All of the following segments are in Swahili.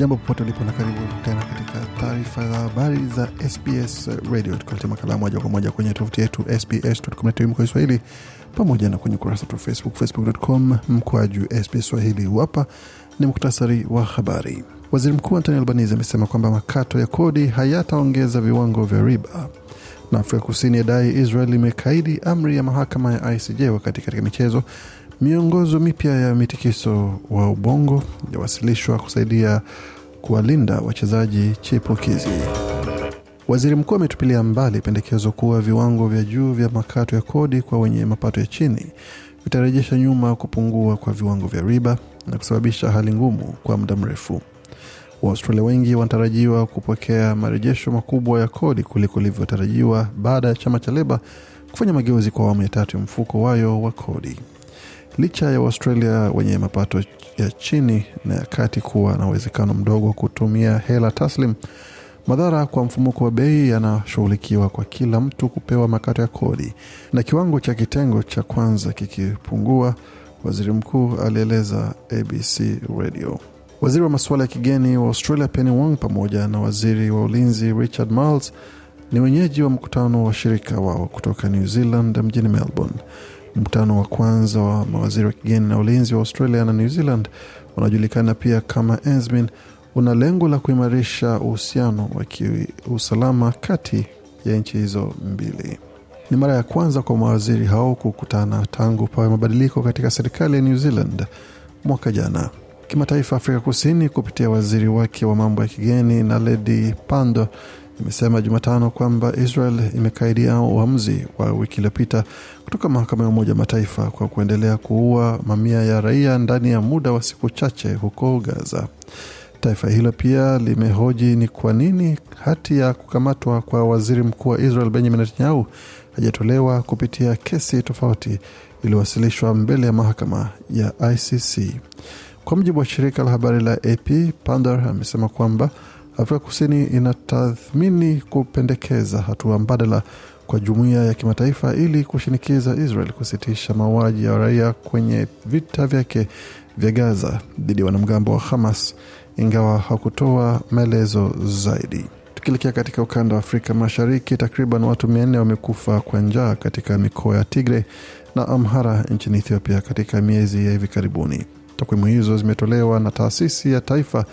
Jambo popote ulipo na karibu tena katika taarifa za habari za SBS Radio, tukuletea makala moja kwa moja kwenye tovuti yetu sbs.com.au Kiswahili pamoja na kwenye ukurasa wetu Facebook, facebook.com mkwaju SBS Swahili. Hapa ni muktasari wa habari. Waziri Mkuu Anthony Albanese amesema kwamba makato ya kodi hayataongeza viwango vya riba na Afrika Kusini yadai Israel imekaidi amri ya mahakama ya ICJ. Wakati katika michezo, Miongozo mipya ya mitikiso wa ubongo yawasilishwa kusaidia kuwalinda wachezaji chipukizi. Waziri mkuu ametupilia mbali pendekezo kuwa viwango vya juu vya makato ya kodi kwa wenye mapato ya chini vitarejesha nyuma kupungua kwa viwango vya riba na kusababisha hali ngumu kwa muda mrefu. Waaustralia wengi wanatarajiwa kupokea marejesho makubwa ya kodi kuliko ilivyotarajiwa baada ya chama cha Leba kufanya mageuzi kwa awamu ya tatu ya mfuko wayo wa kodi licha ya Waustralia wenye mapato ya chini na ya kati kuwa na uwezekano mdogo wa kutumia hela taslim. Madhara kwa mfumuko wa bei yanashughulikiwa kwa kila mtu kupewa makato ya kodi, na kiwango cha kitengo cha kwanza kikipungua, waziri mkuu alieleza ABC Radio. Waziri wa masuala ya kigeni wa Australia Penny Wong pamoja na waziri wa ulinzi Richard Marles ni wenyeji wa mkutano wa washirika wao kutoka New Zealand mjini Melbourne. Mkutano wa kwanza wa mawaziri wa kigeni na ulinzi wa Australia na New Zealand unaojulikana pia kama ESMIN una lengo la kuimarisha uhusiano wa kiusalama kati ya nchi hizo mbili. Ni mara ya kwanza kwa mawaziri hao kukutana tangu pawe mabadiliko katika serikali ya New Zealand mwaka jana. Kimataifa, Afrika Kusini kupitia waziri wake wa mambo ya kigeni na Ledi Pando imesema Jumatano kwamba Israel imekaidia uamuzi wa wiki iliyopita kutoka mahakama ya Umoja Mataifa kwa kuendelea kuua mamia ya raia ndani ya muda wa siku chache huko Gaza. Taifa hilo pia limehoji ni kwa nini hati ya kukamatwa kwa waziri mkuu wa Israel Benjamin Netanyahu hajatolewa kupitia kesi tofauti iliyowasilishwa mbele ya mahakama ya ICC. Kwa mujibu wa shirika la habari la AP, Pandor amesema kwamba Afrika Kusini inatathmini kupendekeza hatua mbadala kwa jumuiya ya kimataifa ili kushinikiza Israel kusitisha mauaji ya raia kwenye vita vyake vya Gaza dhidi ya wanamgambo wa Hamas, ingawa hakutoa maelezo zaidi. Tukielekea katika ukanda wa Afrika Mashariki, takriban watu mia nne wamekufa kwa njaa katika mikoa ya Tigre na Amhara nchini Ethiopia katika miezi ya hivi karibuni. Takwimu hizo zimetolewa na taasisi ya taifa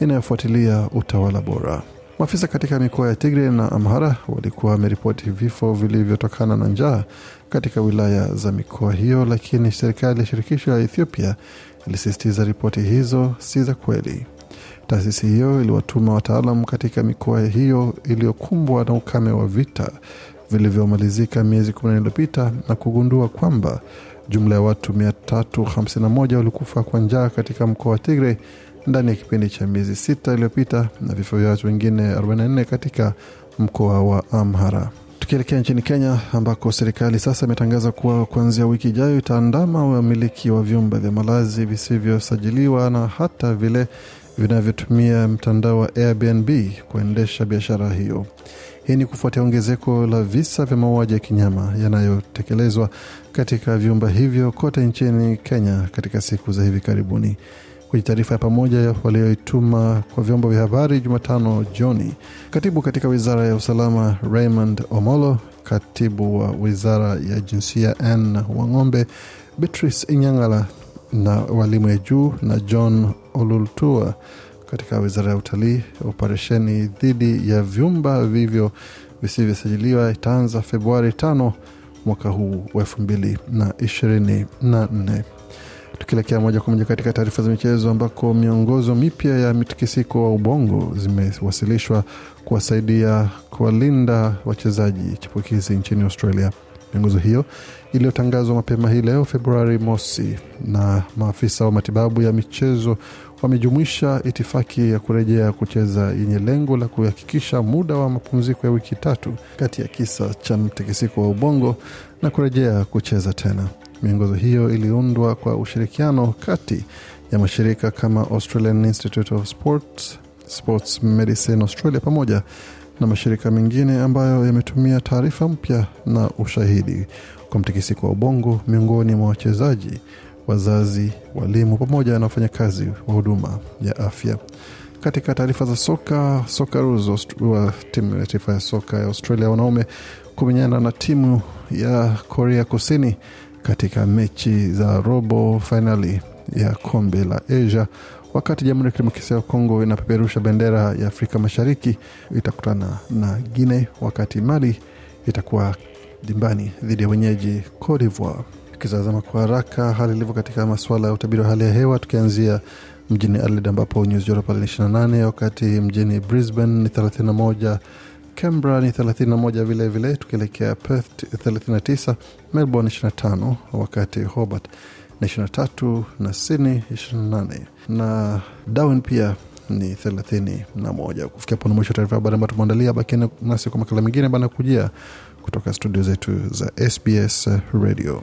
inayofuatilia utawala bora. Maafisa katika mikoa ya Tigre na Amhara walikuwa wameripoti vifo vilivyotokana na njaa katika wilaya za mikoa hiyo, lakini serikali ya shirikisho ya Ethiopia ilisisitiza ripoti hizo si za kweli. Taasisi hiyo iliwatuma wataalam katika mikoa hiyo iliyokumbwa na ukame wa vita vilivyomalizika miezi 10 iliyopita na kugundua kwamba Jumla ya watu 351 walikufa kwa njaa katika mkoa wa Tigray ndani ya kipindi cha miezi sita iliyopita na vifo vya watu wengine 44 katika mkoa wa Amhara. Tukielekea nchini Kenya ambako serikali sasa imetangaza kuwa kuanzia wiki ijayo itaandama wamiliki wa vyumba vya malazi visivyosajiliwa na hata vile vinavyotumia mtandao wa Airbnb kuendesha biashara hiyo. Hii ni kufuatia ongezeko la visa vya mauaji ya kinyama yanayotekelezwa katika vyumba hivyo kote nchini Kenya katika siku za hivi karibuni. Kwenye taarifa ya pamoja walioituma kwa vyombo vya habari Jumatano jioni, katibu katika wizara ya usalama Raymond Omolo, katibu wa wizara ya jinsia Ann Wang'ombe, Beatrice Inyang'ala na walimu ya juu na John Olultua katika wizara ya utalii. Operesheni dhidi ya vyumba vivyo visivyosajiliwa itaanza Februari tano mwaka huu wa elfu mbili na ishirini na nne. Tukielekea moja kwa moja katika taarifa za michezo, ambako miongozo mipya ya mitikisiko wa ubongo zimewasilishwa kuwasaidia kuwalinda wachezaji chipukizi nchini Australia. Miongozo hiyo iliyotangazwa mapema hii leo Februari mosi na maafisa wa matibabu ya michezo wamejumuisha itifaki ya kurejea kucheza yenye lengo la kuhakikisha muda wa mapumziko ya wiki tatu kati ya kisa cha mtikisiko wa ubongo na kurejea kucheza tena. Miongozo hiyo iliundwa kwa ushirikiano kati ya mashirika kama Australian Institute of Sport, Sports Medicine Australia pamoja na mashirika mengine ambayo yametumia taarifa mpya na ushahidi kwa mtikisiko wa ubongo miongoni mwa wachezaji wazazi, walimu pamoja na wafanyakazi wa huduma ya afya. Katika taarifa za soka, Socceroos wa timu ya taifa ya soka ya Australia wanaume kumenyana na timu ya Korea Kusini katika mechi za robo fainali ya kombe la Asia, wakati Jamhuri ya Kidemokrasia ya Kongo inapeperusha bendera ya Afrika Mashariki itakutana na Guinea, wakati Mali itakuwa dimbani dhidi ya wenyeji Cote d'Ivoire. Tukitazama kwa haraka hali ilivyo katika masuala ya utabiri wa hali ya hewa, tukianzia mjini Adelaide ambapo nyuzi joto pale ni 28, wakati mjini Brisbane ni 31 Canberra ni 31 vilevile tukielekea Perth 39, Melbourne 25, wakati Hobart ni 23 na Sydney 28 na Darwin pia ni 31. Kufikia pona mwisho taarifa habari ambayo tumeandalia. Bakieni nasi kwa makala mengine bana kujia kutoka studio zetu za SBS Radio.